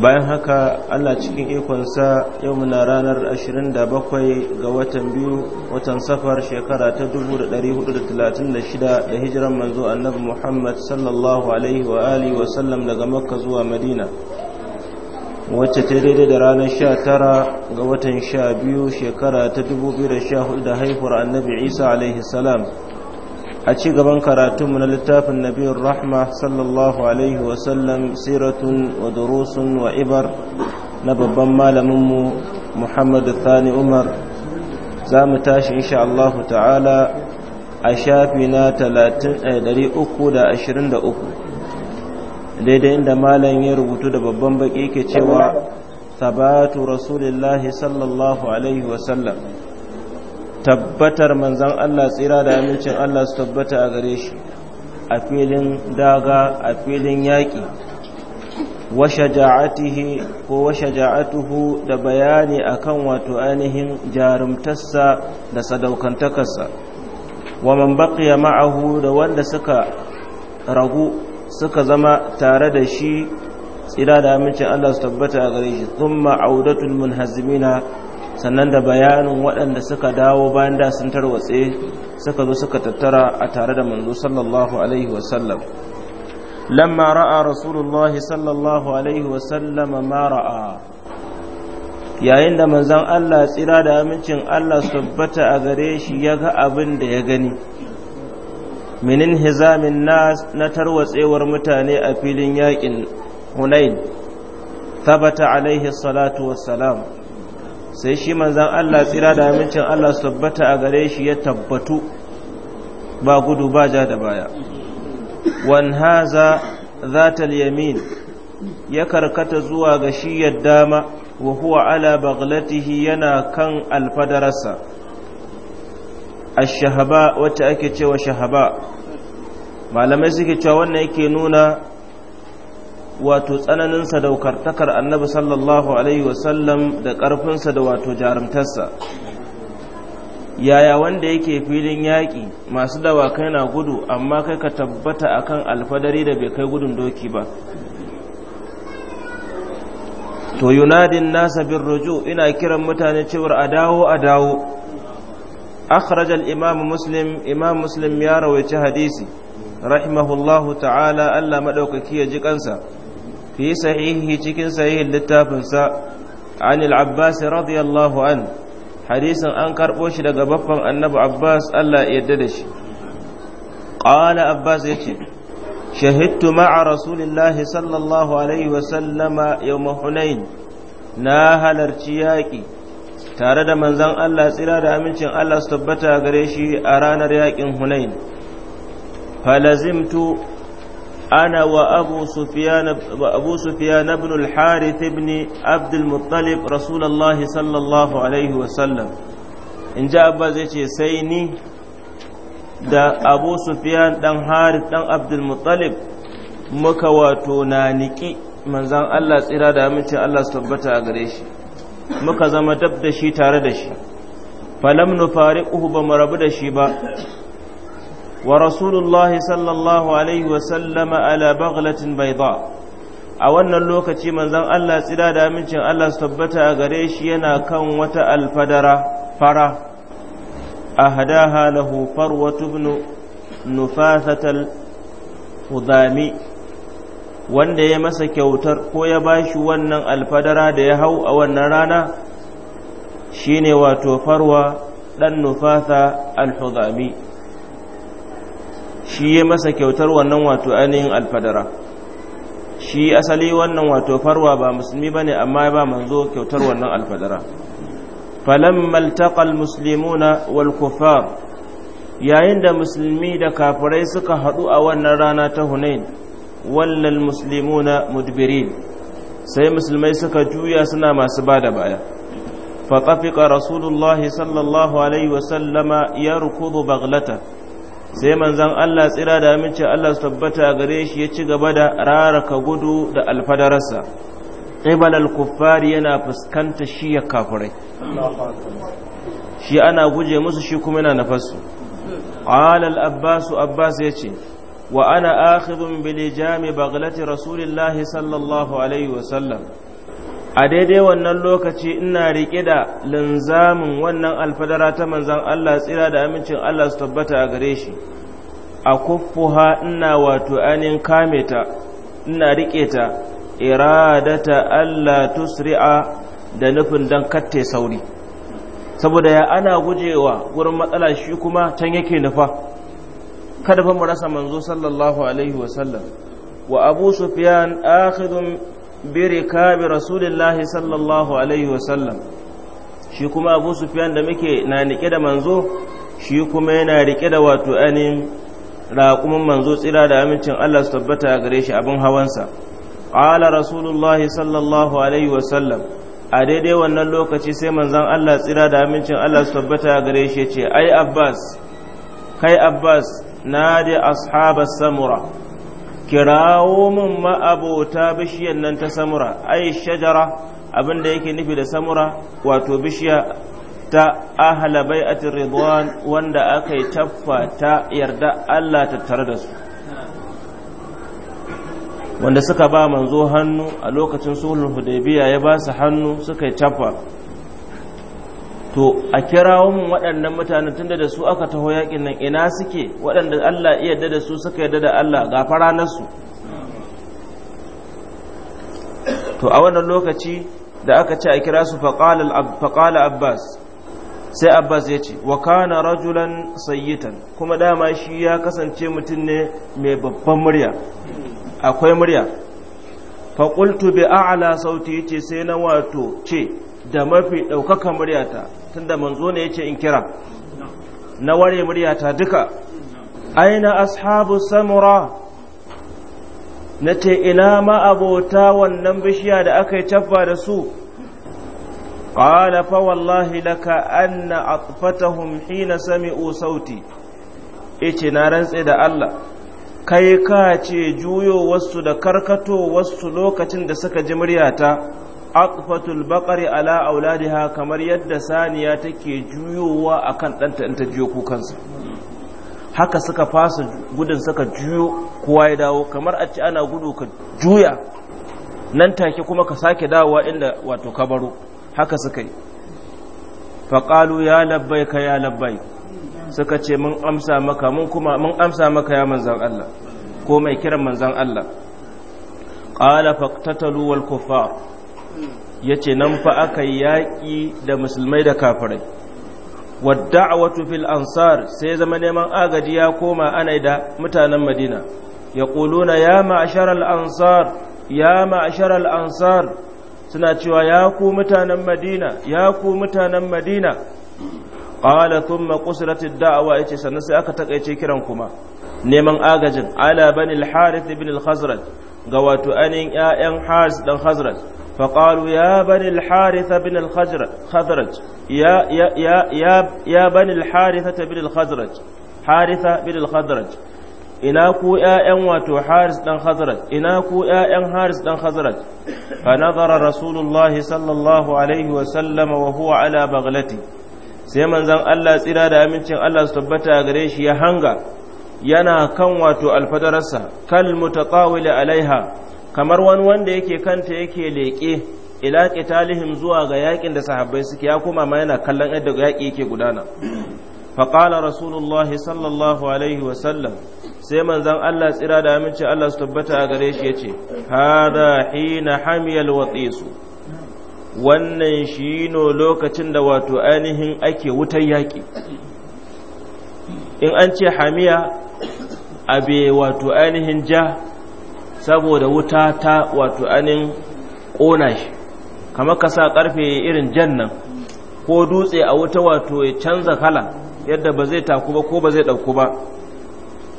bayan haka allah cikin ikonsa yau muna ranar 27 ga watan biyu watan safar shekara ta 1436 da hijiran manzo annabi muhammad sallallahu alaihi wa alihi wa sallam daga makka zuwa madina wacce ta daidai da ranar 19 ga watan 12 shekara ta 2014 da haihuwar annabi isa alaihi salam a ci gaban karatunmu na littafin nabiyar rahma sallallahu alaihi wasallam siratun wa durusun wa ibar na babban malaminmu muhammadu thani umar za mu tashi insha allahu ta'ala a shafi na 323 eh, daidai inda malam ya rubutu da babban baki ke cewa tabatu rasulillahi sallallahu alaihi wasallam tabbatar manzan Allah tsira da amincin Allah su tabbata a gare shi a filin daga a filin yaƙi wa shaja'atihi ko wa shaja'atuhu da bayani akan wato ainihin jarumtarsa da sadaukantakarsa wa man baqiya ma'ahu da wanda suka ragu suka zama tare da shi tsira da amincin Allah su tabbata a gare shi thumma audatul munhazimina sannan da bayanin waɗanda suka dawo bayan da sun tarwatse suka zo suka tattara a tare da manzo sallallahu alaihi wasallam lamma ra'a rasulullahi sallallahu alaihi wasallam ma ra'a yayin da manzon Allah tsira da amincin Allah su tabbata a gare shi ya ga abin da ya gani minin hizamin nas na tarwatsewar mutane a filin yaƙin hunain tabata alaihi salatu wassalam sai shi manzan Allah tsira da amincin Allah su tabbata a gare shi ya tabbatu ba gudu ba ja da baya wan haza za ta yamin ya karkata zuwa ga shi dama wa huwa ala baglatihi yana kan alfadararsa a shahaba wacce ake cewa shahaba malamai suke cewa wannan yake nuna wato tsananin sadaukartakar annabi sallallahu alaihi wasallam da ƙarfinsa da wato jarumtarsa yaya wanda yake filin yaƙi masu dawakai na gudu amma kai ka tabbata akan alfadari da bai kai gudun doki ba to yunadin nasa bin ruju ina kiran mutane cewar a dawo a dawo akhrajal imam muslim imam muslim ya rawaici hadisi rahimahullahu ta'ala Allah madaukaki ya ji kansa fi sahihi cikin sahihin littafinsa an al-abbas radiyallahu an hadisin an karbo shi daga baffan annabi abbas Allah ya yarda qala abbas yace shahidtu ma'a rasulillahi sallallahu alaihi wa sallama yawm hunain na halarci yaƙi. tare da manzan Allah tsira da amincin Allah su tabbata gare shi a ranar yaƙin Hunain falazimtu أنا وأبو سفيان وأبو سفيان بن الحارث بن عبد المطلب رسول الله صلى الله عليه وسلم إن جاء بزيتي سيني da abu sufyan dan harith dan abdulmuttalib muka wato na niki manzan allah tsira da amincin allah su tabbata a gare shi muka zama dab da shi tare da shi falam nufariquhu ba mu rabu da shi ba ورسول الله صلى الله عليه وسلم على بغلة بيضاء a wannan lokaci manzon Allah tsira da amincin Allah su tabbata a gare shi yana kan wata alfadara fara a hadaha lahu farwatu ibn nufasatal hudami wanda ya masa kyautar ko ya ba shi wannan alfadara da ya hau a wannan rana shine wato farwa dan nufasa al-hudami shi ya masa kyautar wannan wato ainihin alfadara shi asali wannan wato farwa ba musulmi ba ne amma ba manzo kyautar wannan alfadara falamma altaqal muslimuna wal kuffar yayin da musulmi da kafirai suka haɗu a wannan rana ta hunain wallal na mudbirin sai musulmai suka juya suna masu bada baya فطفق رسول الله صلى الله ya rukudu يركض sai manzan Allah tsira da amince, Allah su tabbata gare shi ya ci gaba da raraka gudu da alfadararsa Ibalal al-kuffari yana fuskanta shi ya kafirai shi ana guje musu shi kuma yana nafasu qala al-abbas abbas yace wa ana akhidun bil jami baghlati rasulillahi sallallahu alaihi wa a daidai wannan lokaci ina riƙe da linzamin wannan alfadara ta manzan Allah tsira da amincin Allah su tabbata a gare shi a kuffuha ina wato ainihin kame ta ina riƙe ta iradata Allah tusri'a da nufin don katte sauri saboda ya ana gujewa wurin matsala shi kuma can yake nufa kada fa mu rasa manzo sallallahu alaihi wasallam wa abu Sufiyan akhidun birikabi rasulillahi sallallahu alaihi wasallam shi kuma abu sufiyan da muke na rike da manzo shi kuma yana rike da wato anin raƙumin manzo tsira da amincin Allah su tabbata a gare shi abin hawansa ƙala rasulullahi sallallahu alaihi wasallam a daidai wannan lokaci sai manzan Allah tsira da amincin Allah su tabbata a gare shi ce ai abbas kai abbas na da ashabar samura kirawo min ma'abota bishiyar nan ta samura ai shajara abinda yake nufi da samura wato bishiya ta ahalabai a ridwan wanda aka yi taffa ta yarda Allah tattare da su wanda suka ba manzo hannu a lokacin sulhul hudaybiya ya ba su hannu suka yi taffa to a kirawo mun waɗannan mutane tunda da su aka taho yakin nan ina suke waɗanda Allah iya yarda da su suka yarda da Allah gafara nasu to a wannan lokaci da aka ce a kira su faƙala abbas sai abbas ya ce wa kana rajulan sayyitan kuma dama shi ya kasance mutum ne mai babban murya akwai murya faƙultu bi a'la sauti ce sai na wato ce da mafi ɗaukaka muryata tunda manzo ne ce in kira na ware muryata duka aina ashabu samura na ce ina ma'abota wannan bishiya da aka yi caffa da su ƙala fa wallahi laka anna atfatahum hina sami'u sauti ice na rantse da Allah kai ka ce juyo wasu da karkato wasu lokacin da suka ji muryata atfatul baqari ala auladiha kamar yadda saniya take juyowa akan danta in ta juyo kukansa haka suka fasa gudun suka juyo kowa ya dawo kamar a ce ana gudu ka juya nan take kuma ka sake dawowa inda wato ka baro haka suka yi faƙalu ya labbai ka ya labbai suka ce mun amsa maka mun kuma mun amsa maka ya manzan Allah ko mai kiran manzan Allah qala faqtatalu wal kuffar ya ce nan fa aka yaƙi da musulmai da kafirai wadda'awatu fil ansar sai zama neman agaji ya koma ana da mutanen madina ya ƙuluna ya ma'ashar al'ansar ya ma'ashar al'ansar suna cewa ya ku mutanen madina ya ku mutanen madina ƙala tun maƙusuratun da'awa ya ce sannan sai aka taƙaice kiran kuma neman agajin ala bani al-harith ibn al-khazraj ga wato anin yayan haris dan khazraj فقالوا يا بني الحارثة بن الخزرج يا يا يا يا, يا بني الحارثة بن الخزرج حارثة بن الخزرج ina ku ’ya'yan wato Haris ɗan Hazrat, ina ku ’ya'yan Haris ɗan Hazrat, fa nazara sallallahu Alaihi wasallama wa huwa ala baglati, sai manzan Allah tsira da amincin Allah su tabbata gare shi ya hanga, yana kan wato alfadararsa, kal mutaƙawili alaiha, kamar wani wanda yake kanta yake leƙe ila qitalihim zuwa ga yakin da sahabbai suke ya koma ma yana kallon yadda yaki yake gudana fa qala rasulullah sallallahu alaihi wa sallam sai manzan Allah tsira da aminci Allah su tabbata a gare shi yace hada hina hamiyal su. wannan shino lokacin da wato ainihin ake wutar yaki in an ce hamiya abe wato ainihin ja saboda wuta ta wato anin ƙona shi kamar ka sa ƙarfe irin jannan ko dutse a wuta wato ya canza kala yadda ba zai taku ba ko ba zai ɗauku ba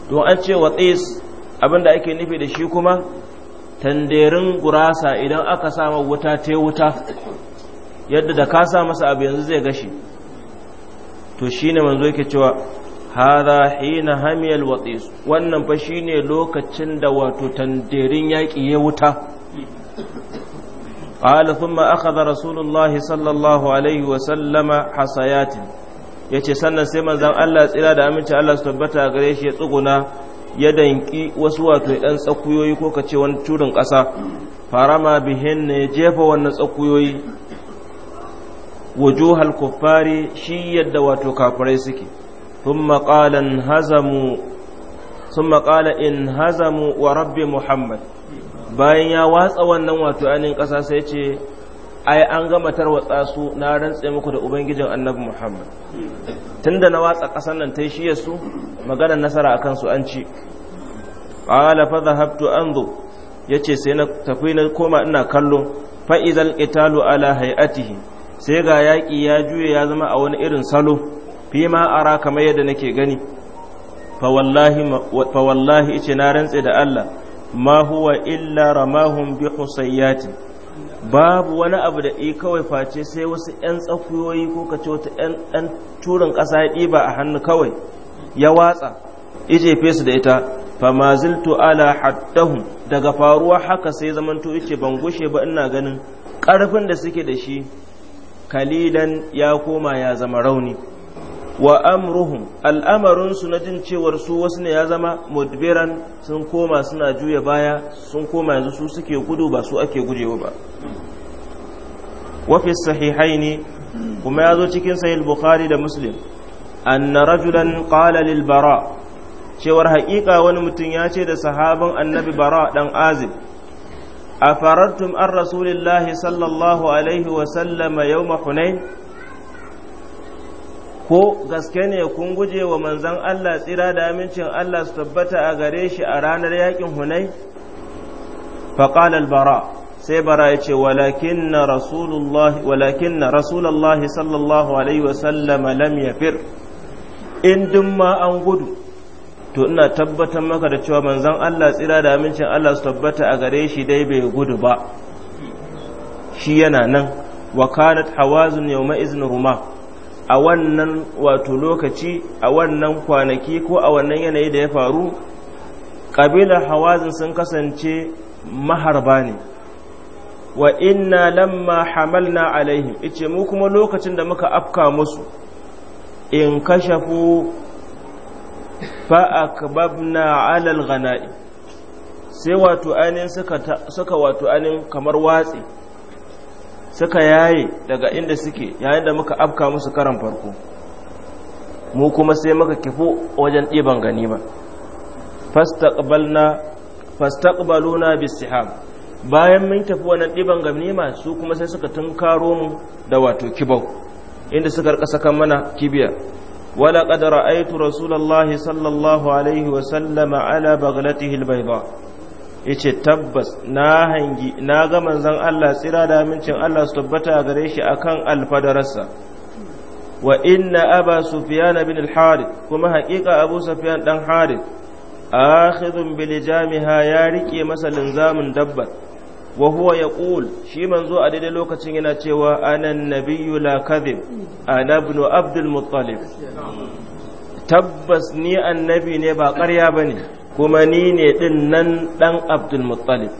to an ce wa tsis abinda ake nufi da shi kuma tanderin gurasa idan aka sama wuta ta wuta yadda da ka sa masa abu yanzu zai gashi to shine manzo yake cewa hada hina hamiyal watis wannan fa shine lokacin da wato tandirin yaki ya wuta qala thumma akhadha rasulullahi sallallahu alaihi wa sallama hasayat yace sannan sai manzon Allah tsira da aminci Allah su tabbata gare shi ya tsuguna ya danki wasu wato dan tsakuyoyi ko kace wani curin ƙasa farama bihin ne jefa wannan tsakuyoyi wujuhal kuffari shi yadda wato kafirai suke ثم قال انهزموا ثم قال انهزموا ورب محمد bayan ya watsa wannan wato ainihin ƙasa sai ce ai an gama tarwatsa su na rantse muku da ubangijin annabi muhammad tunda na watsa ƙasan nan ta shiyar su maganar nasara a kansu an ci ƙala fa zahabtu an zo ya ce sai na tafi na koma ina kallo fa'izal italu ala hay'atihi sai ga yaƙi ya juya ya zama a wani irin salo fi ma ara kamar yadda nake gani fa wallahi ice na rantse da Allah ma huwa illa ramahum bi husayyati babu wani abu da i kawai face sai wasu 'yan tsakuyoyi ko kace wata 'yan turin ƙasa ya ɗiba a hannu kawai ya watsa Ije fesu da ita fama ziltu ala haddahum daga faruwa haka sai zamanto ice ban gushe ba ina ganin ƙarfin da suke da shi kalilan ya koma ya zama rauni wa amruhum al'amarinsu na jin cewar su wasu ne ya zama mudbiran sun koma suna juya baya sun koma yanzu su suke gudu ba su ake gujewa ba wafi ne. kuma ya zo cikin sahih bukhari da muslim anna rajulan qala lil bara cewar haƙiƙa wani mutum ya ce da sahaban annabi bara dan azib afarartum an rasulillahi sallallahu alaihi wa sallama yawma hunain ko gaske ne kun guje wa manzan Allah tsira da amincin Allah su tabbata a gare shi a ranar yakin hunai faƙal bara sai bara ya ce walakin na rasulallahi sallallahu alaihi wasallama lam yafir in dun ma an gudu to ina tabbatar maka da cewa manzan Allah tsira da amincin Allah su tabbata a gare shi dai bai gudu ba shi yana nan wa kanat hawazun yawma izin rumah a wannan wato lokaci a wannan kwanaki ko a wannan yanayi da ya faru ƙabilar hawazin sun kasance maharba ne wa inna lamma hamalna alaihim ice mu kuma lokacin da muka afka musu in kashafu fa'akbabna alal ghana'i sai wato ainihin suka wato ainihin kamar watsi suka yaye daga inda suke yayin da muka afka musu karan farko mu kuma sai muka kifo wajen ɗiban gani ba fastaqbaluna bisihab bayan mun tafi wannan ɗiban ganima su kuma sai suka tunkaro mu da wato kibau inda suka rika kan mana kibiya wala qad ra'aytu rasulullahi sallallahu alaihi wa sallama ala baghlatihi albayda yace tabbas na hangi na ga manzon Allah tsira da amincin Allah su tabbata gare shi akan alfadararsa wa inna aba sufyan bin al-harith kuma haƙiƙa abu sufyan dan harith akhidhun bili jamiha ya rike masa linzamin dabbar wa huwa yaqul shi manzo a daidai lokacin yana cewa anan nabiyyu la kadhib ana ibn abdul muttalib tabbas ni annabi ne ba ƙarya bane kuma ni ne ɗin nan ɗan abdulmuttalib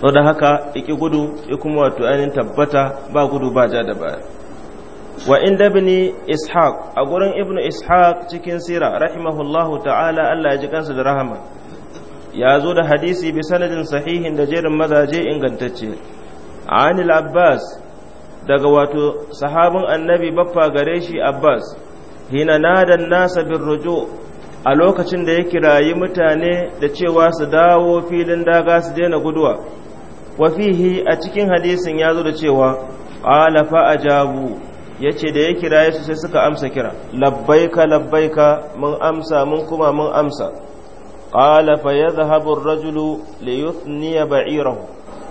to da haka iki gudu ya kuma wato ainihin tabbata ba gudu ba ja da baya wa inda bini ishaq a gurin ibnu ishaq cikin sira rahimahullahu ta'ala allah ya ji kansa da rahama ya zo da hadisi bi sanadin sahihin da jerin mazaje ingantacce anil abbas daga wato sahabin annabi baffa gare shi abbas hina nadan nasa bin rujo a lokacin da ya kirayi mutane da cewa su dawo filin daga su daina guduwa wa fihi a cikin hadisin ya zo da cewa ala fa ajabu yace da ya kiraye su sai suka amsa kira labbaika labbaika mun amsa mun kuma mun amsa qala fa yadhhabu ar-rajulu li ba'irahu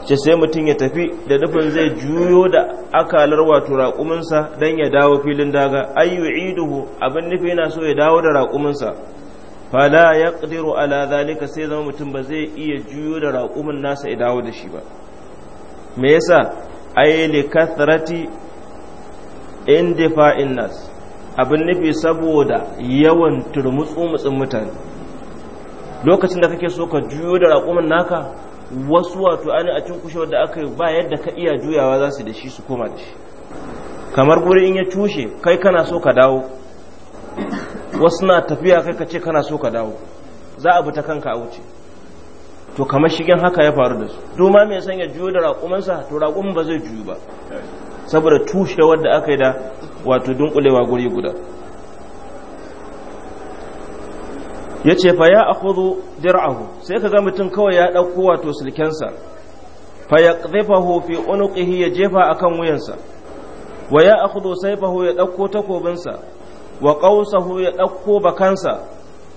ce sai mutum ya tafi da nufin zai juyo da akalar wato raƙuminsa don ya dawo filin daga ayyu iduhu abin nufi yana so ya dawo da raƙuminsa fala ya ƙadiru ala zalika sai zama mutum ba zai iya juyo da raƙumin nasa ya dawo da shi ba me yasa li kathrati in nas abin nufi saboda yawan turmutsu mutsin mutane lokacin da kake so ka juyo da raƙumin naka wasu wato ani a cikin kushewar da aka yi ba yadda ka iya juyawa za su da shi su koma da shi kamar guri in ya tushe, kai kana so ka dawo wasu na tafiya kai ka ce kana so ka dawo za a bi ta kanka a wuce to kamar shigen haka ya faru da su doma mai sanya juyo da raƙumansa to raƙumin ba zai juyu ba saboda tushe wadda aka yi da wato dunkulewa guri guda ya ce fa ya akhudhu dir'ahu sai kaga mutum kawai ya ɗauko wato silkensa fa yaqdhifahu fi unuqihi ya jefa akan wuyansa wa ya akhudhu sayfahu ya ɗauko takobinsa wa qausahu ya ɗauko bakansa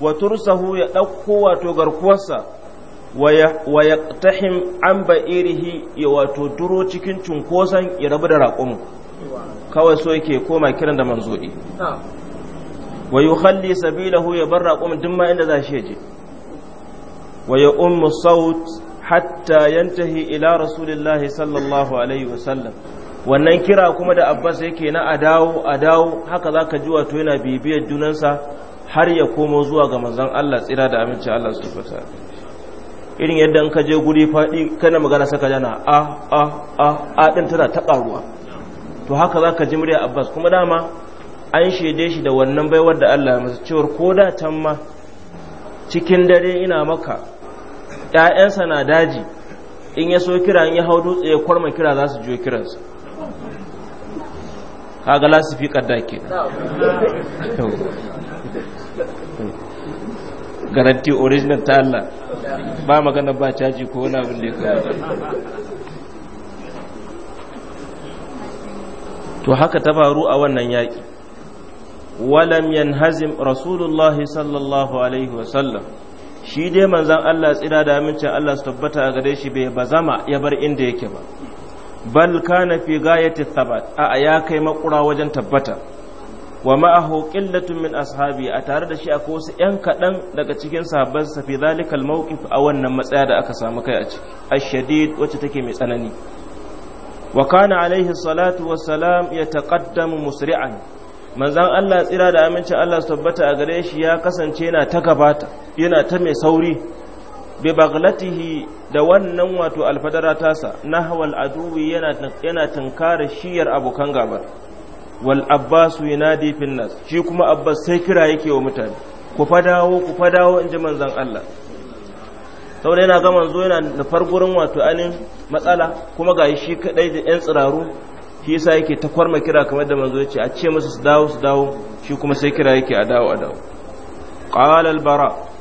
wa tursahu ya ɗauko wato garkuwarsa wa ya tahim an ba'irihi ya wato duro cikin cunkoson ya rabu da raƙon kawai so yake koma kiran da manzoɗi wa yi halli sabilahu ya bar raƙon duk ma inda za shi je wa ya ummu saut hatta yantahi ila rasulillahi sallallahu alaihi wasallam wannan kira kuma da abbas yake na a dawo dawo haka za ka ji wato yana bibiyar junansa har ya komo zuwa ga manzan allah tsira da aminci allah su fata irin yadda in ka je guri faɗi kana magana saka jana a ah, a ah, a ah, a ɗin tana ta ƙaruwa to haka za ka ji murya abbas kuma dama an shaide shi da wannan baiwar da allah masu cewar ko da can ma cikin dare ina maka ‘ya'yansa na daji in ya so kira in ya hau dutse ya kwarma kira za su juyo kiransa kaga fi kadda ke garanti original ta Allah ba magana ba caji ko wani abin da ya kawo to haka ta faru a wannan yaƙi walam yanhazim rasulullahi sallallahu alaihi wasallam shi dai manzan Allah tsira da amincin Allah su tabbata a gare shi bai bazama ya bar inda yake ba bal kana fi gayati thabat a ya kai makura wajen tabbata wa ma'ahu qillatun min ashabi a tare da shi akwai wasu yan kaɗan daga cikin sahabban sa fi zalikal mawqif a wannan matsaya da aka samu kai a ciki ashadid wacce take mai tsanani wa kana alaihi salatu wassalam yataqaddamu musri'an manzan Allah tsira da amincin Allah su tabbata a gare shi ya kasance yana ta gabata yana ta mai sauri bi baglatihi da wannan wato alfadara tasa nahwal aduwi yana yana tunkara shiyar abokan gaba wal abbasu yunadi fil nas shi kuma abbas sai kira yake wa mutane ku fadawo ku fadawo in ji manzon Allah saboda yana ga manzo yana da fargurin wato anin matsala kuma ga shi kadai da yan tsiraru shi yasa yake ta kwarma kira kamar da manzo ya ce a ce musu su dawo su dawo shi kuma sai kira yake a dawo a dawo qala al bara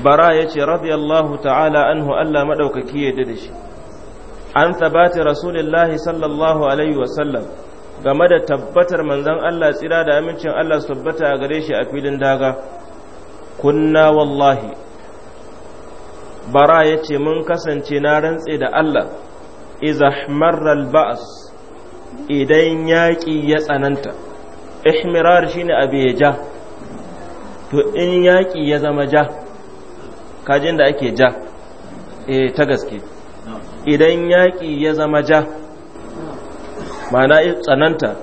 bara ya ce radiyallahu ta'ala anhu Allah maɗaukaki ya da shi an tabbata rasulullahi sallallahu alaihi wasallam game da tabbatar manzon Allah tsira da amincin Allah su tabbata a gare shi a filin daga kunna wallahi bara ya ce mun kasance na rantse da Allah izahmarar ba'as idan yaƙi ya tsananta ihmirar shine abu to in yaƙi ya zama ja kajin da ake ja e ta gaske idan yaƙi ya zama ja ma'ana tsananta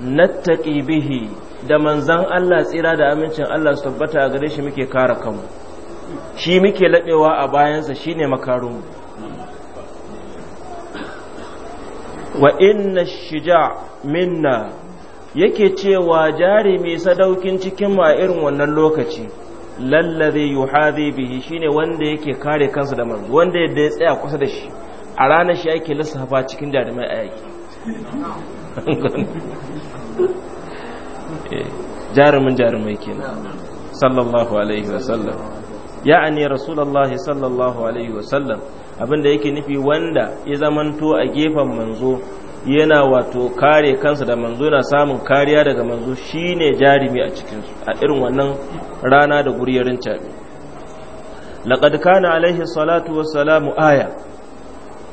nattaqi bihi da manzan Allah tsira da amincin Allah su tabbata a gare shi muke kara kanmu shi muke laɓewa a bayansa shi ne makarun wa inna shija minna yake cewa jarumi sadaukin cikin ma irin wannan lokaci lallazi yuhadhi bihi shine wanda yake kare kansa da manzo wanda ya tsaya kusa da shi a ranar shi ake lissafa cikin jarumai a yaki eh, jarumin jarumai kenan sallallahu alaihi wasallam ya'ani rasulullahi sallallahu alaihi wasallam abin da yake nufi wanda ya zamanto a gefen manzo yana wato kare kansa da manzo yana samun kariya daga manzo shine jarumi a cikinsu a irin wannan rana da guriyarin caɓe laqad kana alaihi salatu wassalamu aya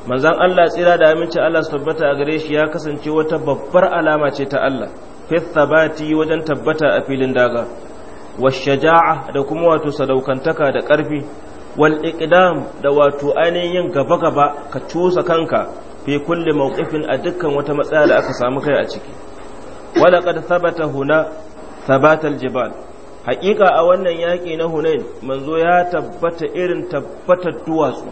manzon Allah tsira da aminci Allah su tabbata a gare shi ya kasance wata babbar alama ce ta Allah fi thabati wajen tabbata a filin daga shaja'a da kuma wato sadaukantaka da karfi wal iqdam da wato ainihin yin gaba gaba ka cusa kanka fi kulli mawqifin a dukkan wata matsala da aka samu kai a ciki wala qad thabata huna thabata al jibal haƙiƙa a wannan yaki na hunain manzo ya tabbata irin tabbatar duwatsu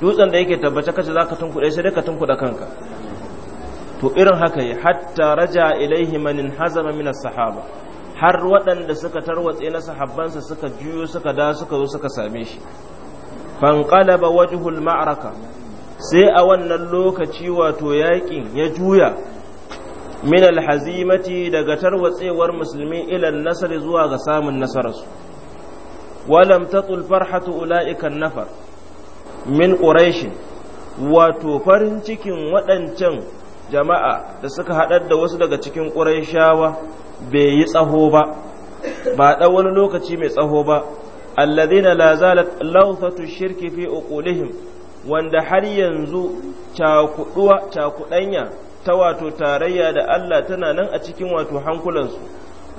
dutsen da yake tabbata kace zaka tunkuɗe sai ka tunkuɗa kanka to irin haka yi hatta raja ilaihi manin hazama min sahaba har waɗanda suka tarwatse na sahabbansa suka juyo suka da suka zo suka same shi fanqalaba wajhul ma'raka sai a wannan lokaci wato yaƙin ya juya min alhazimati daga tarwatsewar musulmi ilan nasar zuwa ga samun nasararsu walam tatul farhatu ula'ikan nafar min quraish wato farin cikin waɗancan jama'a da suka haɗar da wasu daga cikin shawa bai yi tsaho ba ba ɗan wani lokaci mai tsaho ba alladhina la zalat lawthatu shirki fi uqulihim wanda har yanzu cakuduwa cakudanya ta wato tarayya da Allah tana nan a cikin wato hankulansu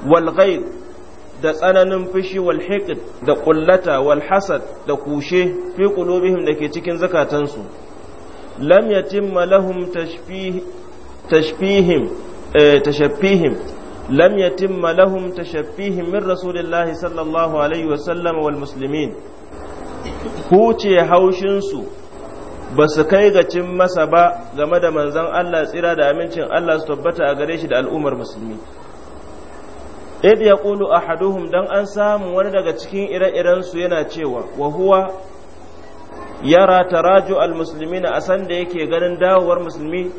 wal ghaib da tsananin fushi wal hiqd da qullata wal hasad da kushe fi qulubihim dake cikin zakatansu lam yatimma lahum tashbih tashbihim tashabbihim lam yatimma lahum tashabbihim min rasulillahi sallallahu alaihi wasallam wal muslimin huce haushinsu ba su kai ga cin masa ba game da manzon Allah tsira da amincin Allah su tabbata a gare shi da al'ummar musulmi id yaqulu ahaduhum dan an samu wani daga cikin ire-iren su yana cewa wa yara taraju al-musulmi na asan da yake ganin dawowar musulmi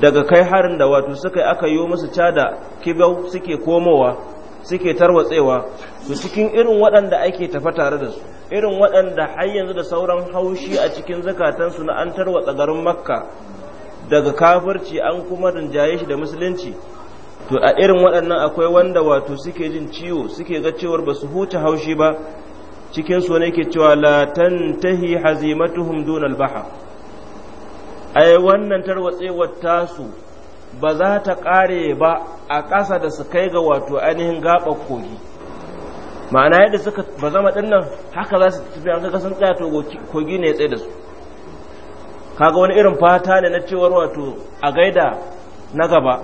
daga kai harin da wato suka aka yi musu cada kibau suke komowa suke tarwatsewa su cikin irin waɗanda ake tafa tare da su irin waɗanda har yanzu da sauran haushi a cikin zakatansu na an tarwatsa garin makka daga kafirci an kuma rinjaye shi da musulunci to a irin waɗannan akwai wanda wato suke jin ciwo suke ga cewar ba su huce haushi ba cikin su ne ke cewa la tantahi hazimatuhum dun albahar ai wannan tarwatsewar tasu ba za ta kare ba a ƙasa da su kai ga wato ainihin gaɓar kogi ma'ana yadda suka ba zama dinnan haka za su tafi an kaga sun tsaya to kogi ne ya tsaye da su kaga wani irin fata ne na cewar wato a gaida na gaba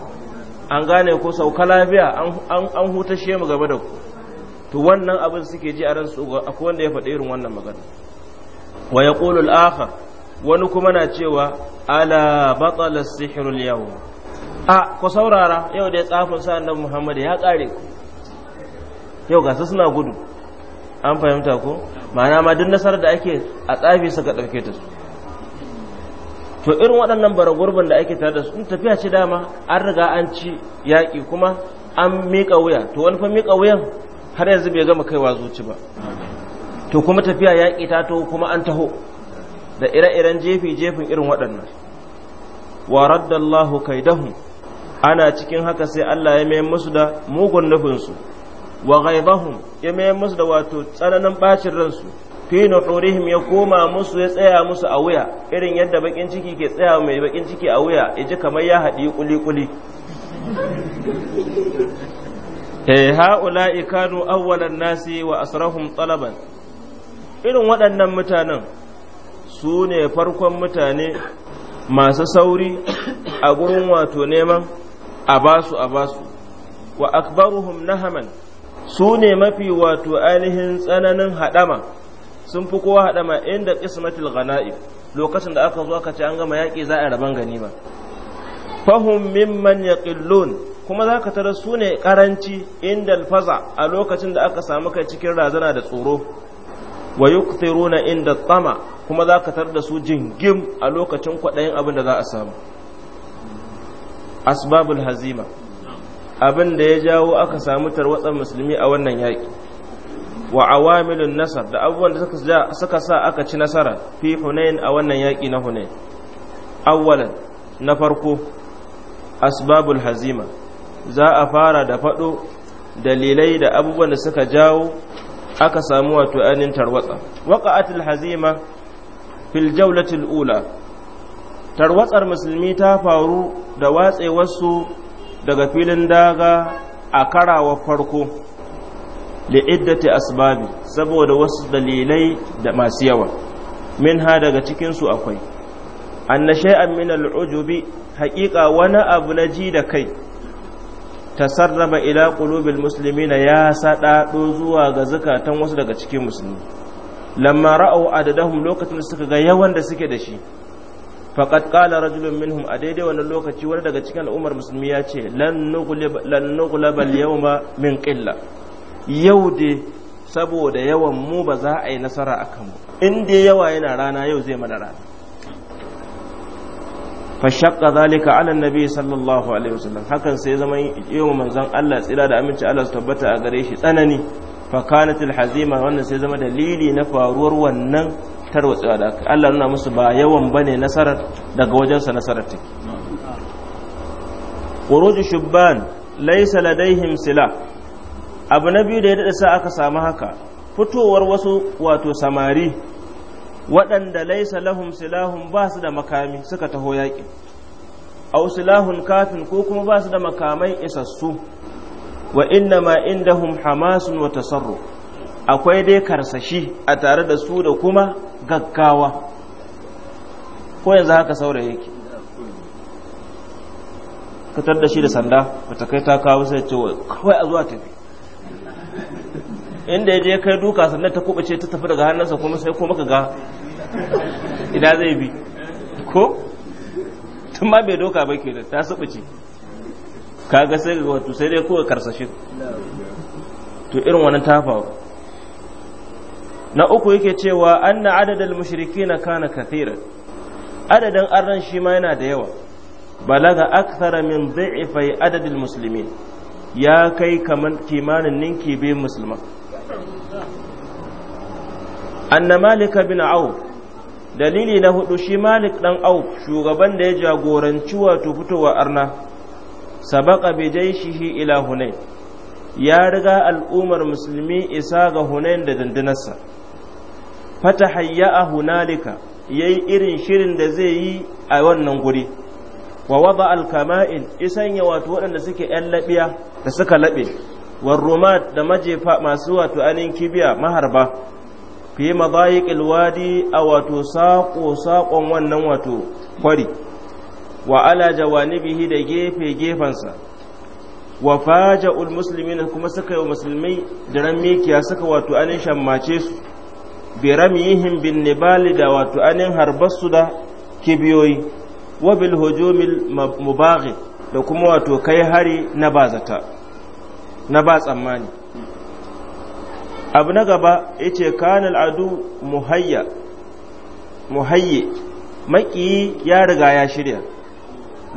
an gane ko sauka lafiya an hutashe mu gaba da ku to wannan abin suke ji a ransu akwai wanda ya faɗi irin wannan magana wa ya ƙulu akhar wani kuma na cewa ala batsala sihirul yau a ku saurara yau da ya tsafin sa'an nan muhammadu ya kare ku yau gasa suna gudu an fahimta ko ma'ana ma duk nasarar da ake a tsafi su ka ɗauke ta su to irin waɗannan baragurban da ake tare da su in tafiya ce dama an riga an ci yaƙi kuma an miƙa wuya to wani fa miƙa wuyan har yanzu bai gama kaiwa zuci ba to kuma tafiya yaƙi ta taho kuma an taho da ire-iren jefi jefin irin waɗannan wa raddallahu kaidahum ana cikin haka sai Allah ya mayar musu da mugun nufinsu wa ghaidahum ya mayar musu da wato tsananin bacin ransu fi nuhurihim ya koma musu ya tsaya musu a wuya irin yadda bakin ciki ke tsaya mai bakin ciki a wuya ya ji kamar ya haɗi kuli kuli eh ha'ula'i kanu awwalan nasi wa asrahum talaban irin waɗannan mutanen su ne farkon mutane masu sauri a gurin wato neman a basu a basu wa akbaruhum nahaman su ne mafi wato ainihin tsananin haɗama sun fi kowa haɗama inda qismatul ghana'i lokacin da aka zo aka ce an gama yaƙi za a raban ganima fahum mimman yaqillun kuma za ka tara su ne ƙaranci inda alfaza a lokacin da aka samu kai cikin razana da tsoro wa yukthiruna inda tsama kuma za ka tara da su jingim a lokacin kwaɗayin abin da za a samu asbabul hazima abin da ya jawo aka samu tarwatsar musulmi a wannan yaƙi wa awamilun nasar da abubuwan da suka sa aka ci nasara fi hunain a wannan yaƙi na hunain awwalan na farko asbabul hazima za a fara da faɗo dalilai da abubuwan da suka jawo aka samu wato ainihin tarwatsa waqa'atul hazima fil jawlatil ula tarwatsar musulmi ta faru da watse wasu daga filin daga a karawa farko li'iddati asbabi saboda wasu dalilai da masu yawa Min ha daga cikinsu akwai anna shay'an min al'ujubi haƙiƙa wani abu na ji da kai tasarraba ila qulubil muslimina ya sadado zuwa ga zakatan wasu daga cikin musulmi lamma ra'aw adadahum lokacin suka ga yawan da suke da shi faqad qala rajulun minhum a daidai wannan lokaci wani daga cikin al'ummar musulmi ya ce lan nughlaba al-yawma min qilla yau de saboda yawan mu ba za a yi nasara akan mu in dai yawa yana rana yau zai mana rana fashakka zalika ala annabi sallallahu alaihi wasallam hakan sai zama yiwa manzon Allah tsira da aminci Allah su tabbata a gare shi tsanani fa kanat hazima wannan sai zama dalili na faruwar wannan tarwatsa da Allah nuna musu ba yawan bane nasarar daga wajen sa nasarar take khuruj shubban laysa ladaihim sila abu na biyu da ya dada sa aka samu haka fitowar wasu wato samari waɗanda laisa lahum silahun ba su da makami suka taho yaƙi aw silahun kafin ko kuma ba su da makamai isassu wa inna ma indahum hamasun wa tasarru akwai dai karsashi a tare da su da kuma gaggawa ko yanzu haka saurayi yake fitar da shi da sanda ba ta kai ta kawo sai ce kawai a zuwa tafi inda ya je kai duka sannan ta kubace ta tafi daga hannunsa kuma sai kuma ka ga ina zai bi ko tun ma bai doka ba ke ta Ka ga sai ga wato sai dai kowa karsashe to irin wani tafawa na uku yake cewa an adadin adadal na kana kathira adadin arnan shi ma yana da yawa balaga akthara min dhi'fai adadil musulmi ya kai kaman kimanin ninki biyun musulman anna malika bin auf dalili na hudu shi malik dan auf shugaban da ya jagoranci wato fitowa arna sabaka bi jaishihi ila hunain ya riga al'ummar musulmi isa ga hunain da dindinarsa fatahayya'a hunalika yayi irin shirin da zai yi a wannan guri wa wada isan isanya wato waɗanda suke ‘yan laɓiya da suka laɓe wa da majefa masu wato anin kibiya maharba fi mazayi wadi a wato saƙo saƙon wannan wato kwari wa ala jawanibihi da gefe gefensa wa faja'ul na kuma suka yi musulmi da ramikiya suka wato anin shammace su bi ramyihim bin nibali da wato anin harbarsu da kibiyoyi wa bil hujumil mubaghi da kuma wato kai hari na zata na ba tsammani abu na gaba ya ce kanal adu muhayye maƙiyi ya riga ya shirya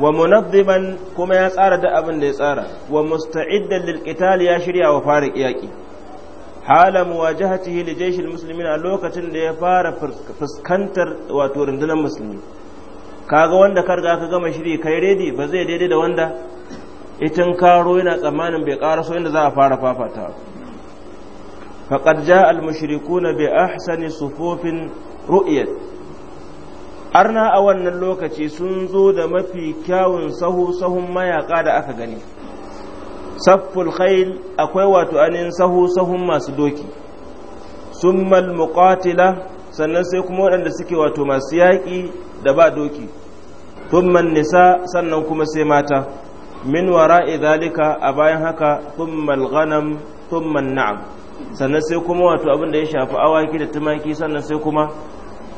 wa munazziman kuma ya tsara da abin da ya tsara wa musta'iddan lil ya shirya wa fara yaki hala muwajahatihi li jayshil muslimin a lokacin da ya fara fuskantar wato rundunar musulmi kaga wanda ka riga ka gama shiri kai redi ba zai daidai da wanda itin karo yana tsammanin bai karaso inda za a fara fafata faqad jaa al-mushrikuna bi ahsani sufufin ru'yat arna a wannan lokaci sun zo da mafi kyawun sahu sahun mayaka da aka gani safful khail akwai wato anin sahu sahun masu doki summal muqatila sannan sai kuma waɗanda suke wato masu yaƙi da ba doki thumman nisa sannan kuma sai mata min wara'i zalika a bayan haka thummal ghanam thumman na'am sannan sai kuma wato abin da ya shafi awaki da tumaki sannan sai kuma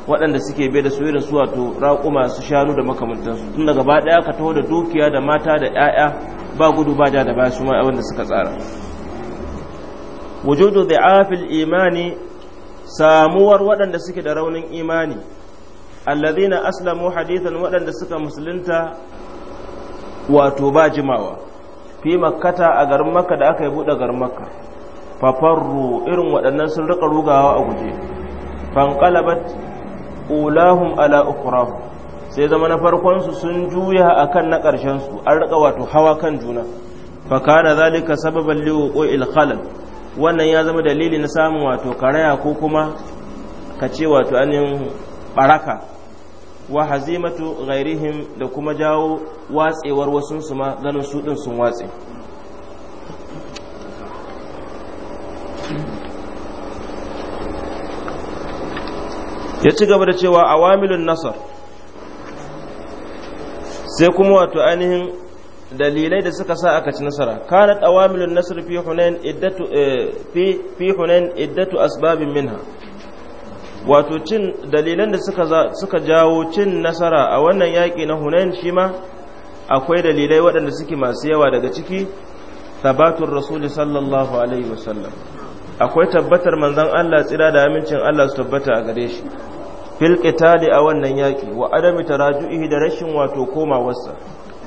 waɗanda suke bai da su irin su wato raƙuma su shanu da makamantansu tun daga ba ɗaya ka taho da dukiya da mata da 'ya'ya ba gudu ba ja da ba su ma abin da suka tsara wujudu afil imani samuwar waɗanda suke da raunin imani alladhina aslamu hadithan waɗanda suka musulunta wato ba jimawa fi makkata a garin makka da aka yi buɗe garin makka fafarru irin waɗannan sun rika rugawa a guje fanqalabat ulahum ala ukhrahum sai zama na farkon su sun juya akan na ƙarshen su an rika wato hawa kan juna fa kana zalika sababan li wuqu'il khalal wannan ya zama dalili na samun wato karaya ko kuma ka ce wato anin baraka wa hazimatu ghairihim da kuma jawo watsewar su ma ganin su din sun watse ya ci gaba da cewa awamilun nasar sai kuma wato ainihin dalilai da suka sa aka ci nasara kanat awamilun nasar fi hunain iddatu eh, fi hunain iddatu asbabin minha wato cin dalilan da suka suka jawo cin nasara a wannan yaƙi na hunain shi ma akwai dalilai waɗanda suke masu yawa daga ciki tabbatar rasuli sallallahu alaihi wasallam akwai tabbatar manzon Allah tsira da amincin Allah su tabbata a gare shi fil qitali a wannan yaki wa adami taraju'ihi da rashin wato komawarsa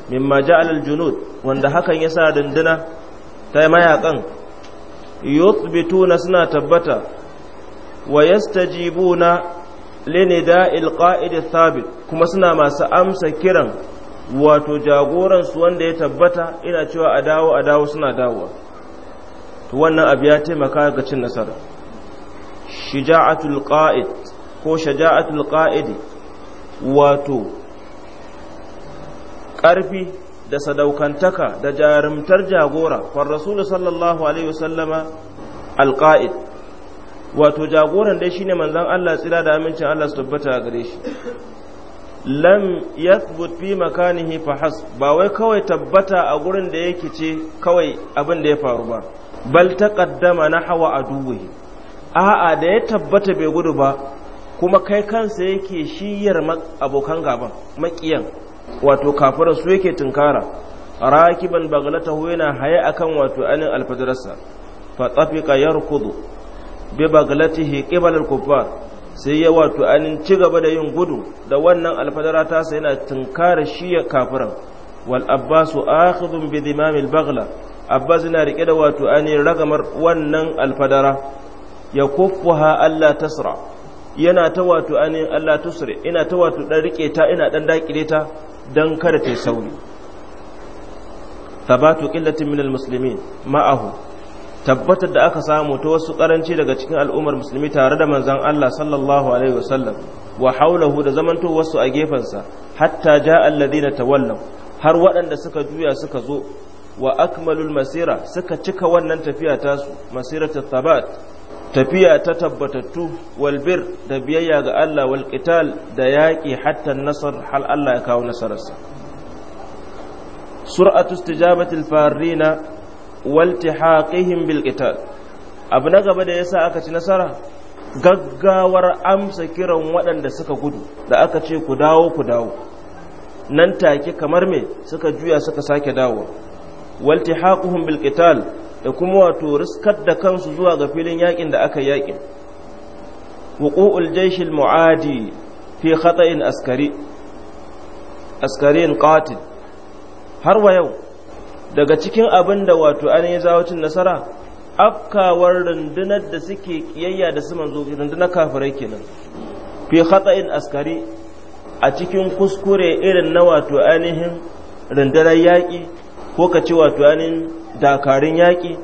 mimma ja'al al junud wanda hakan yasa dinduna ta mayakan yuthbituna suna tabbata wa yastajibuna linida'il qa'id thabit kuma suna masu amsa kiran wato jagoran su wanda ya tabbata ina cewa a dawo a dawo suna dawowa to wannan abu ya taimaka ga cin nasara shija'atul qa'id ko shaja'atul qa'idi wato ƙarfi da sadaukantaka da jarumtar jagora far rasulu sallallahu alaihi wasallama alqa'id wato jagoran dai shine manzon Allah tsira da amincin Allah su tabbata gare shi lam yathbut fi makanihi fahas ba wai kawai tabbata a gurin da yake ce kawai abin da ya faru ba bal taqaddama nahwa aduwi a'a da ya tabbata bai gudu ba kuma kai kansa yake shiyar abokan gaban makiyan wato kafura, su yake tunkara rakiban baglatahu yana haye akan wato anin alfadarsa fa tafika yarkudu bi baglatihi qibal al-kuffar sai ya wato anin ci gaba da yin gudu da wannan alfadara ta sai yana tunkara shiyar kafuran wal abbasu akhidun bi dimam bagla abbas yana rike da wato anin ragamar wannan alfadara ya kuffuha alla tasra yana ta wato ainihin Allah tusre ina ta wato dan rike ta ina dan dakire ta dan kada ta sauri tabatu qillatin minal muslimin ma'ahu tabbatar da aka samu ta wasu karanci daga cikin al'ummar musulmi tare da manzon Allah sallallahu alaihi wasallam wa haulahu da zamanto wasu a sa hatta ja'a alladhina tawallaw har waɗanda suka juya suka zo wa akmalul masira suka cika wannan tafiya tasu masiratul thabat tafiya ta tabbatattu walbir da biyayya ga Allah wal da yaƙi hatta nasar hal Allah ya kawo nasararsa sur'atu istijabatil farina tihaqihim bil qital abu na gaba da yasa aka ci nasara gaggawar amsa kiran waɗanda suka gudu da aka ce ku dawo ku dawo nan take kamar me suka juya suka sake dawo waltihaquhum bil qital da kuma wato riskar da kansu zuwa ga filin yakin da aka yakin wuqu'ul jaysh al muadi fi khata'in askari askarin qatil har wa yau daga cikin abinda da wato an yi zawacin nasara afkawar rundunar da suke kiyayya da su manzo rundunar kafirai kenan fi khata'in askari a cikin kuskure irin na wato ainihin rundunar yaƙi ko ka ce wato yanin dakarun yaƙi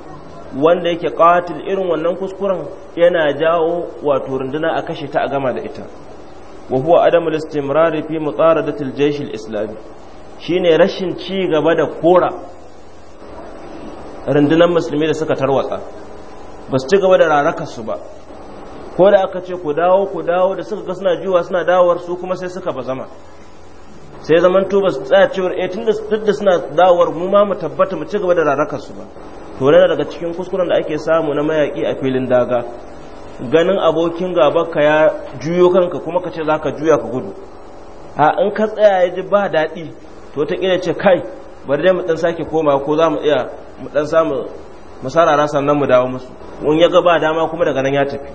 wanda yake ƙatil irin wannan kuskuren yana jawo wato runduna a kashe ta a gama da ita wa huwa adamu listimrari fi mutaradatil jayshil islami shine rashin ci gaba da kora rundunan musulmi da suka tarwatsa ba su ci gaba da rarakar su ba ko da aka ce ku dawo ku dawo da suka ga suna juwa suna dawowar su kuma sai suka bazama sai zaman tuba su tsaya cewar eh tunda duk da suna dawowar mu ma mu tabbata mu ci gaba da rarraka su ba to yana daga cikin kuskuren da ake samu na mayaki a filin daga ganin abokin gaba ka ya juyo kanka kuma ka ce za ka juya ka gudu a in ka tsaya ya ji ba daɗi to ta ƙila ce kai bari dai mu ɗan sake koma ko za mu iya mu ɗan samu mu sannan mu dawo musu in ya ga ba dama kuma daga nan ya tafi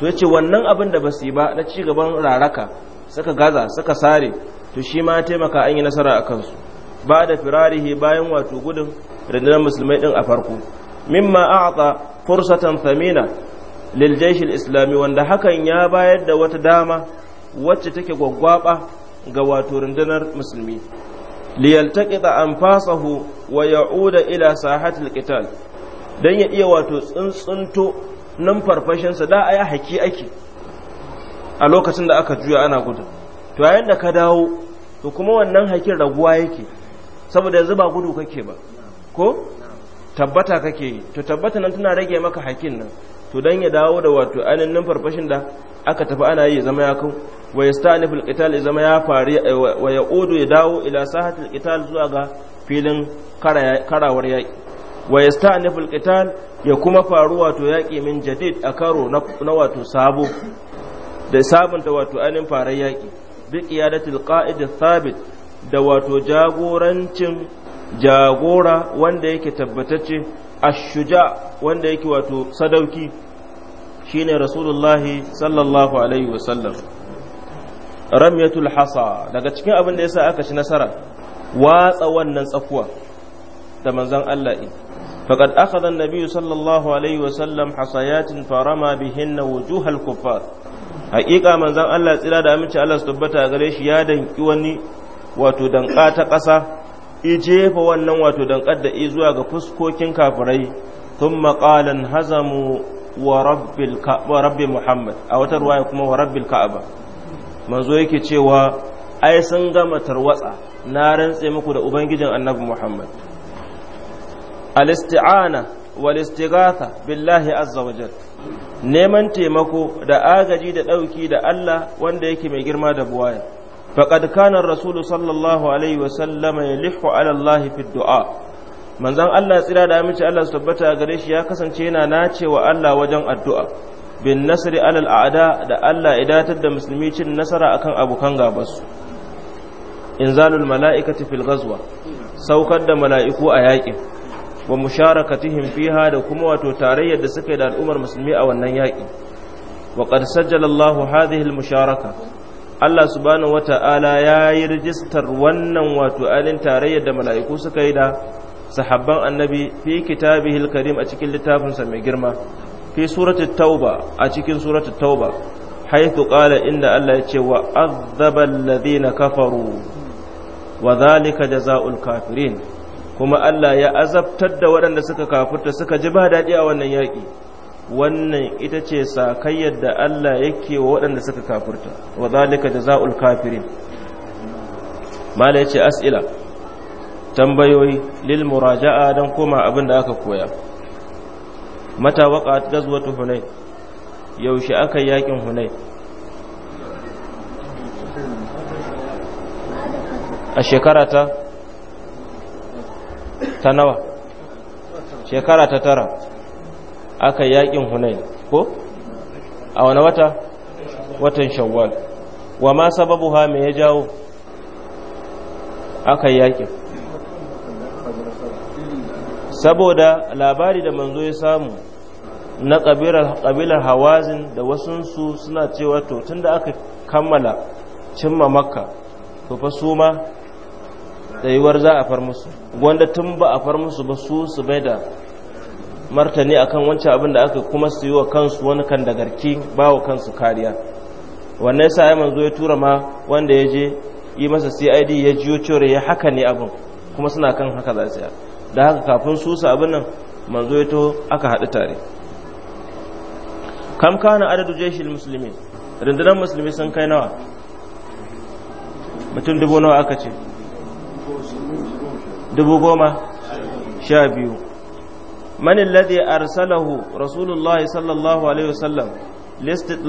to ya ce wannan abin da ba su yi ba na ci gaban raraka suka gaza suka sare to shi ma taimaka an yi nasara a kansu ba da firarihi bayan wato gudun rindunar musulmai din a farko mimma a'ata fursatan thamina lil islami wanda hakan ya bayar da wata dama wacce take gwaggwaba ga wato rindunar musulmi liyaltaqita anfasahu wa ya'uda ila sahatil qital dan ya iya wato tsuntsunto nan farfashinsa da aya haki ake a lokacin da aka juya ana gudu to yayin da ka dawo to kuma wannan hakin raguwa yake saboda yanzu ba gudu kake ba ko tabbata kake yi to tabbata nan tana rage maka hakin nan to dan ya dawo da wato ainihin farfashin da aka tafi ana yi zama ya kau wa yastaniful qital zama ya fari eh, wa yaudu ya dawo ila sahatul qital zuwa ga filin karawar yaki wa yastaniful qital ya kuma faru wato yaki min jadid a karo na wato sabo da sabunta wato anin farar yaƙi bi qiyadatil qa'id thabit da wato jagorancin jagora wanda yake tabbatacce ashuja wanda yake wato sadauki shine rasulullahi sallallahu alaihi wasallam ramyatul hasa daga cikin abin da yasa aka ci nasara watsa wannan tsakuwa da manzon Allah yi faqad akhadha an-nabiy sallallahu alaihi wasallam hasayatin farama bihinna wujuhal kuffar haƙiƙa manzan Allah tsira da aminci Allah su tabbata gare shi ya danki wani wato danƙa ta ƙasa i jefa wannan wato danƙar da i zuwa ga fuskokin kafirai tun maƙalan hazamu wa rabbi muhammad a wata ruwa kuma wa rabbi ka'aba manzo yake cewa ai sun gama tarwatsa na rantse muku da ubangijin annabi muhammad al-isti'ana wal billahi azza wa neman taimako da agaji da ɗauki da Allah wanda yake mai girma da buwaya faqad kana rasulu sallallahu alaihi wa sallama yalihu ala Allah fi du'a manzon Allah tsira da amince Allah su tabbata gare shi ya kasance yana nace wa Allah wajen addu'a bin nasri ala a'da da Allah idatar da musulmi cin nasara akan abokan gabansu inzalul mala'ikati fil ghazwa saukar da mala'iku a yaƙin wa musharakatihim fiha da kuma wato tarayyar da suka yi da al'ummar musulmi a wannan yaƙi wa qad sajjala Allahu hadhihi al-musharaka Allah subhanahu wata'ala ya yi rijistar wannan wato alin tarayyar da mala'iku suka yi da sahabban annabi fi kitabihi al-karim a cikin littafinsa mai girma fi suratul tauba a cikin suratul tauba haythu qala inda Allah ya ce wa azaba alladhina kafaru wa dhalika jazaa'ul kafirin kuma Allah ya azabtar da waɗanda suka kafurta suka ji ba daɗi a wannan yaƙi wannan ita ce sakayyar da Allah yake wa waɗanda suka kafurta wa zalika jazaul kafirin mala yace as'ila tambayoyi lil muraja'a dan koma abin da aka koya mata waqa'at ghazwatu hunay yaushe aka yakin hunay a shekarata. ta nawa shekara ta tara aka yakin hunai, ko a wani wata watan shawwal wa ma sababu ha me ya jawo aka yakin saboda labari da manzo ya samu na ƙabilar hawazin da wasunsu suna cewa to tun aka kammala cimma makka to fa su ma da za a far musu gwanda tun ba a far musu ba su su bai da martani akan wancan abin da aka kuma su yi wa kansu wani kan da garki ba wa kansu kariya wannan yasa ya manzo ya tura ma wanda ya je yi masa cid ya jiyo cewa ya haka ne abin kuma suna kan haka za su da haka kafin su su abin nan manzo ya to aka haɗu tare kam kana adadu jeshin musulmi rundunar musulmi sun kai nawa mutum dubu nawa aka ce dubu goma sha biyu manin lade arsalahu rasulullah sallallahu alaihi wasallam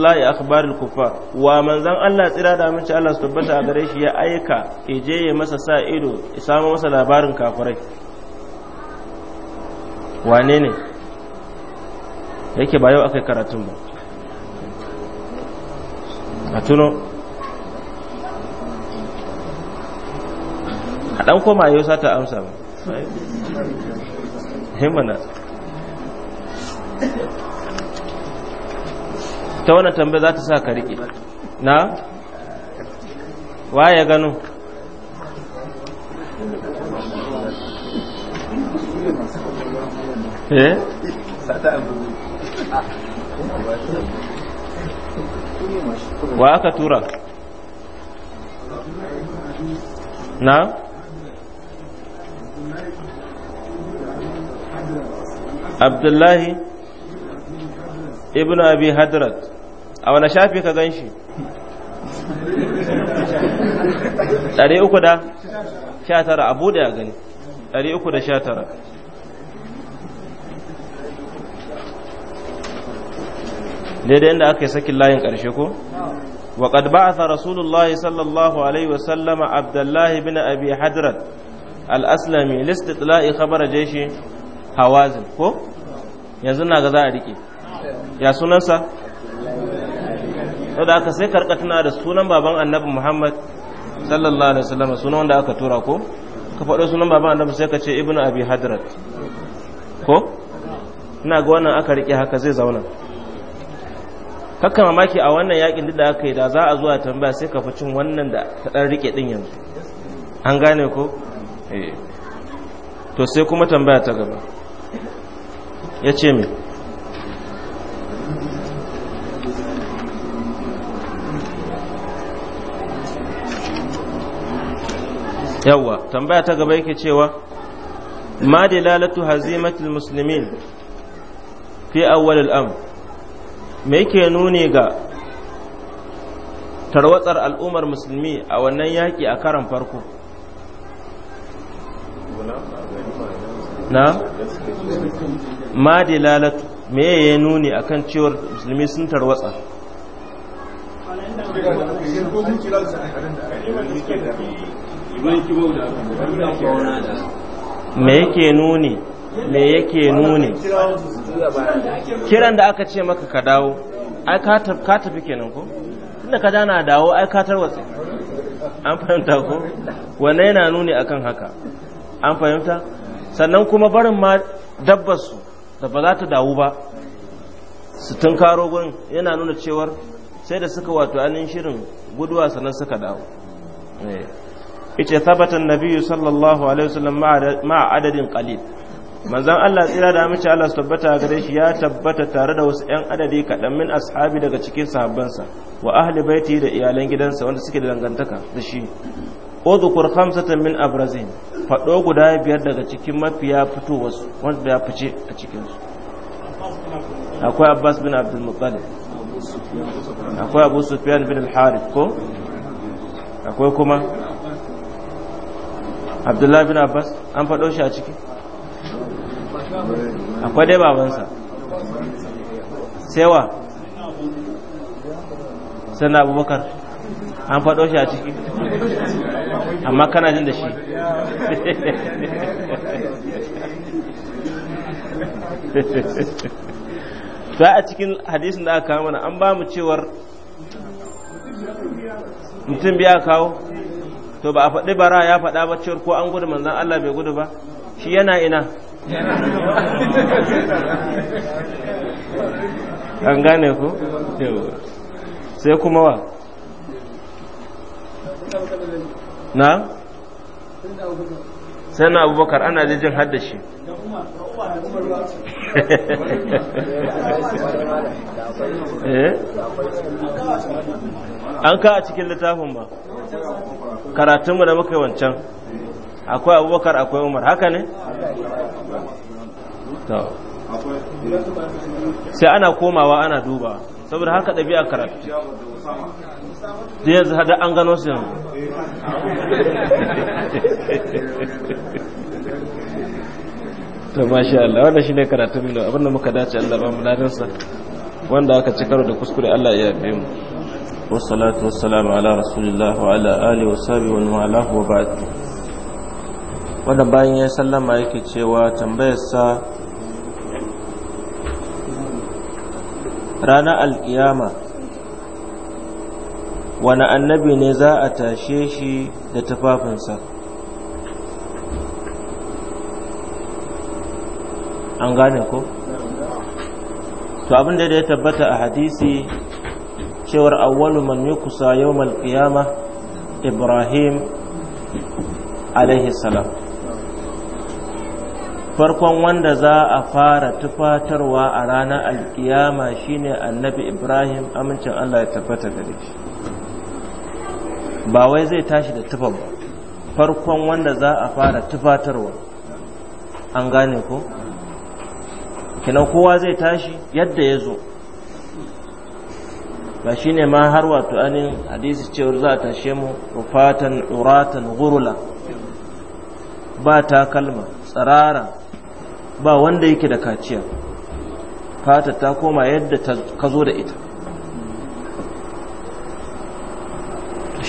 a akhbarul kuffar wa manzan Allah tsira da mace Allah su tabbata a gare shi ya aika ije ya masa sa ido ya samu masa labarin kafirai wane ne yake ba yau aka karatun ba a tuno a ɗan koma yau sata amsa ba himmana ta wani tambaya za ta sa ka riƙe na waye gano wa aka tura na abdullahi ibn abi hadrat a wani shafi ka gan shi ɗari uku da sha tara abu da ya gani ɗari uku da sha tara daidai inda aka yi sakin layin ƙarshe ko وقد بعث رسول الله صلى الله عليه وسلم عبد الله بن أبي حدرت الأسلمي لاستطلاع خبر جيش hawazin ko yanzu na ga za a rike ya sunansa da aka sai karka tana da sunan baban annabi muhammad sallallahu alaihi wasallam sunan wanda aka tura ko ka faɗo sunan baban annabi sai ka ce ibnu abi hadrat ko ina ga wannan aka rike haka zai zauna kakka mamaki a wannan yakin duk da aka yi da za a zuwa tambaya sai ka fi cin wannan da ta ɗan rike ɗin yanzu an gane ko eh. to sai kuma tambaya ta gaba ya ce mi yawa tambaya ta gaba yake cewa ma dalalatu hazimatul muslimin fi awwal al'am me yake nuni ga tarwatsar al'ummar musulmi a wannan yaki a karan farko na ma dilalatu me ya nuni akan cewar musulmi sun tarwatsa me yake nuni me yake nuni kiran da aka ce maka ka dawo ai ka tafi kenan ko tunda ka dana dawo ai ka tarwatsa an fahimta ko wanne yana nuni akan haka an fahimta sannan kuma barin ma dabbar su da ba za ta dawo ba su tun karo gurin yana nuna cewar sai da suka wato anin shirin guduwa sannan suka dawo eh. ita tabbatar nabiyu sallallahu alaihi wasallam ma adadin qalil manzan Allah tsira da amince Allah su tabbata gare shi ya tabbata tare da wasu 'yan adadi kaɗan min ashabi daga cikin sahabbansa wa ahli baiti da iyalan gidansa wanda suke da dangantaka da shi udhkur khamsatan min abrazin fado guda biyar daga cikin mafiya fitowarsu wanda ya fice a cikinsu akwai abbas bin abdul muttalib akwai abu sufyan bin al-harith ko akwai kuma abdullah bin abbas an faɗo shi a ciki akwai dai babansa sewa sannan abubakar an faɗo shi a ciki amma kana jin da shi ta a cikin hadisin da aka kawo mana an ba mu cewar mutum biya kawo to ba a faɗi bara ya faɗa ba cewar ko an gudu manzan Allah bai gudu ba shi yana ina an gane ku sai kuma wa na sai na abubakar ana jijin jin shi eh? an ka a cikin littafin ba karatunmu da muka wancan akwai abubakar akwai umar haka ne? sai ana komawa ana duba saboda haka ɗabi'a karatu da yanzu hada an gano su yanzu to masha Allah shi ne karatun mu abinda muka dace Allah ba mu wanda aka ci karo da kuskure Allah ya yabe mu wassalatu wassalamu ala rasulillah wa ala alihi wa sahbihi wa ala wa ba'd wanda bayan ya sallama yake cewa tambayar sa ranar alkiyama wani annabi ne za a tashe shi da tufafinsa an gane ko? to abin da ya tabbata a hadisi cewar awwalu man yukusa yawmal qiyama ibrahim salam farkon wanda za a fara tufatarwa a ranar alkiyama shine annabi ibrahim amincin allah ya tabbata gare shi ba wai zai tashi da tufa ba farkon wanda za a fara tufatarwa an gane ko kina kowa zai tashi yadda ya zo ba shi ne ma har wato anin hadisi cewar za a tashe mu rufatan uratan gurula ba takalma tsarara, ba wanda yake da kaciya fata ta koma yadda ka zo da ita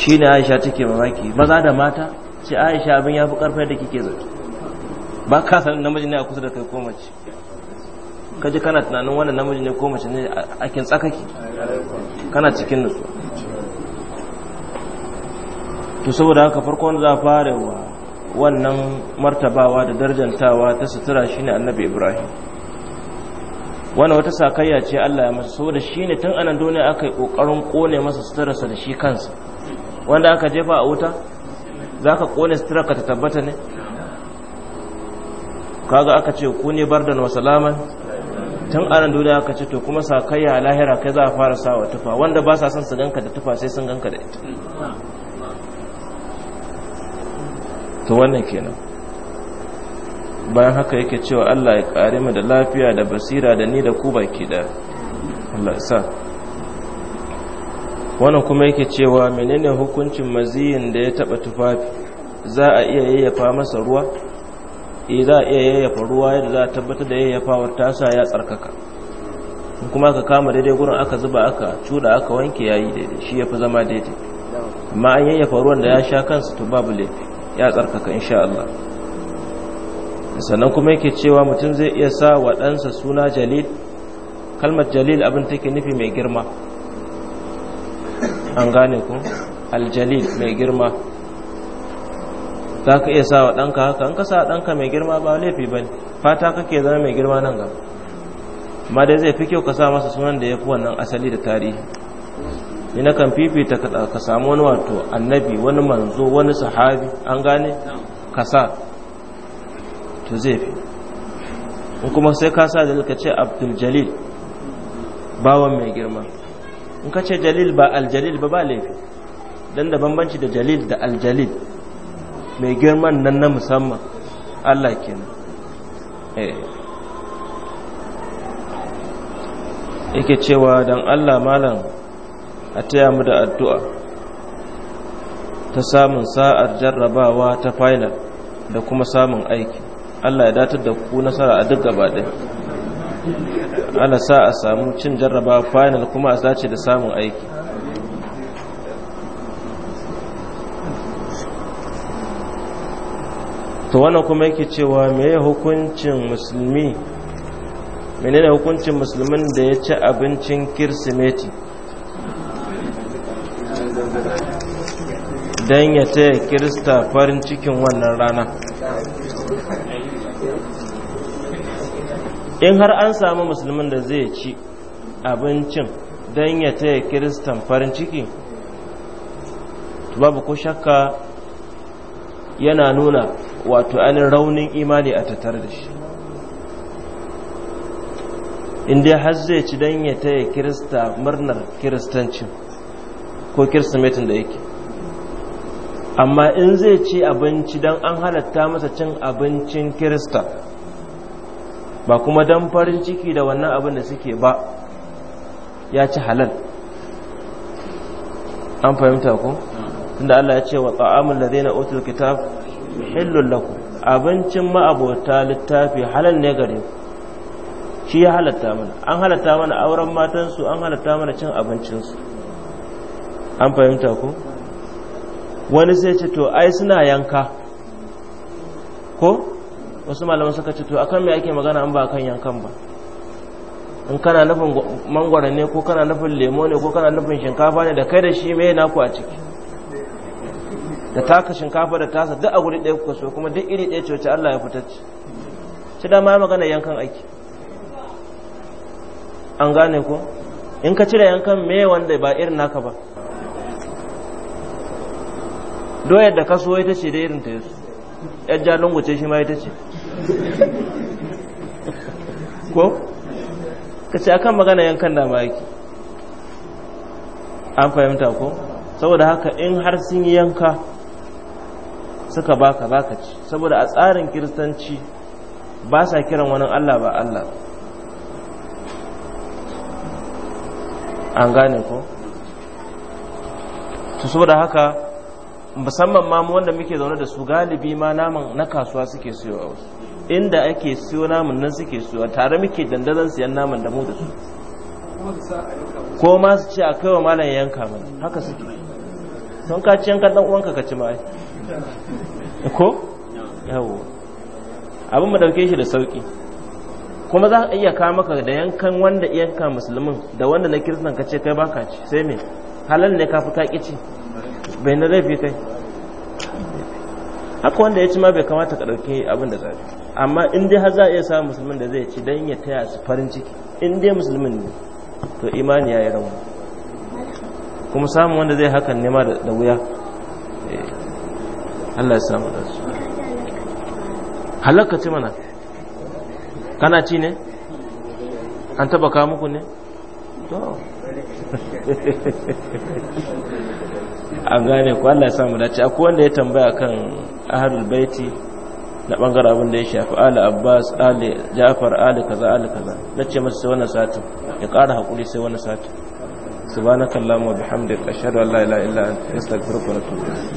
shi ne aisha take mamaki maza da mata ce aisha abin ya fi karfai da kike zato ba ka sanin namiji ne a kusa da kai ko mace ka ji kana tunanin wannan namiji ne ko mace ne a kin tsakaki kana cikin nutsu to saboda haka farkon za fara wa wannan martabawa da darjantawa ta sutura shine annabi ibrahim wannan wata sakayya ce Allah ya masa saboda shine tun anan duniya aka yi kokarin kone masa suturarsa da shi kansa wanda aka jefa a wuta za ka kone sutura ka ta tabbata ne kaga aka ce ku ne bardan wa salaman tun anan duniya aka ce to kuma sa kai ya lahira kai za a fara sawa tufa wanda ba sa son su ganka da tufa sai sun ganka da ita to wannan kenan bayan haka yake cewa Allah ya kare mu da lafiya da basira da ni da ku baki da Allah ya sa wannan kuma yake cewa menene hukuncin maziyin da ya taba tufafi za a iya yayyafa masa ruwa eh za a iya yayyafa ruwa yadda za a tabbatar da ta tasa ya tsarkaka kuma aka kama daidai gurin aka zuba aka cuda aka wanke yayi daidai shi yafi zama daidai amma an yayyafa ruwan da ya sha kansa to babu laifi ya tsarkaka insha Allah sannan kuma yake cewa mutum zai iya sa wa ɗansa suna jalil kalmar jalil abin take nufi mai girma an gane ku aljalil mai girma za ka iya sa wa ɗanka haka an ka ɗanka mai girma ba laifi ba ne fata kake zama mai girma nan gaba amma dai zai fi kyau ka sa masa sunan da ya fi wannan asali da tarihi ni na kan fifita ka samu wani wato annabi wani manzo wani sahabi an gane ka sa to zai fi kuma sai ka sa da ka ce abdul jalil bawan mai girma in ka ce jalil ba aljalil ba ba laifi don da bambanci da jalil da aljalil mai girman nan na musamman Allah kenan eh. yake cewa don Allah malam a taya mu da addu'a ta samun sa'ar jarrabawa ta final da kuma samun aiki Allah ya datar da ku nasara a duk gaba ɗaya ana sa a samu cin jarraba final kuma a sace da samun aiki to wannan kuma yake cewa meye hukuncin musulmi menene hukuncin musulmin da ya ci abincin kirsimeti don ya taya kirista farin cikin wannan rana in har an samu musulmin da zai ci abincin don ya taya kiristan farin ciki babu ko shakka yana nuna wato ainihin raunin imani a tattare da shi inda har zai ci don ya taya kirista murnar kiristancin ko kirsimetin da yake amma in zai ci abinci don an halatta masa cin abincin kirista ba kuma dan farin ciki da wannan abin da suke ba ya ci halal an fahimta ko tunda Allah ya ce wa ta'amul ladaina utul kitab hillul lakum abincin ma'abota littafi halal ne gare ku shi ya halatta mana an halatta mana auren matansu an halatta mana cin abincinsu an fahimta ko wani sai ce to ai suna yanka ko wasu malaman suka ce to akan me ake magana an ba kan yankan ba in kana nufin mangwara ne ko kana nufin lemo ne ko kana nufin shinkafa ne da kai da shi mai naku a ciki da taka shinkafa da tasa duk a guri ɗaya kuka so kuma duk iri ɗaya ce wacce Allah ya fitacce shi da ma magana yankan aiki an gane ko in ka cire yankan me wanda ba irin naka ba doyar da kaso ita ce da irin ta yasu yar jalungu ce shi ma ita ce ko ka ce akan magana yankan da baki an fahimta ko saboda haka in har sun yi yanka suka baka baka ci saboda a tsarin kiristanci ba sa kiran wani allah ba allah an gane ko to saboda haka musamman ma wanda muke zaune da su galibi ma naman na kasuwa suke siyo a wasu inda ake siyo namun nan suke siyo tare muke dandazon siyan namun da mu da su ko ma su ce a kai wa malam yanka mana haka suke don ka ci yankan dan ka ci ma ko yawo abin mu dauke shi da sauki kuma za ka iya kawo maka da yankan wanda yanka musulmin da wanda na kiristan ka ce kai baka ci sai me halal ne ka fi ka ci bai na laifi kai haka wanda ya ci ma bai kamata ka ɗauki abin da zafi amma in dai har za a iya samun musulmin da zai ci don ya taya su farin ciki in dai musulmin ne to imani ya yi rauni kuma samun wanda zai hakan nema da wuya eh, Allah ya samu da su halakka mana kana ci ne an taba kawo muku ne to an gane ku Allah ya samu dace akwai wanda ya tambaya kan ahlul baiti na bangaren abin da ya shafi ali abbas ali jafar ali kaza ali kaza nace masa sai wannan sati ya ƙara hakuri sai wannan sati subhanakallahumma wa bihamdika ashhadu an la ilaha illa anta astaghfiruka wa atubu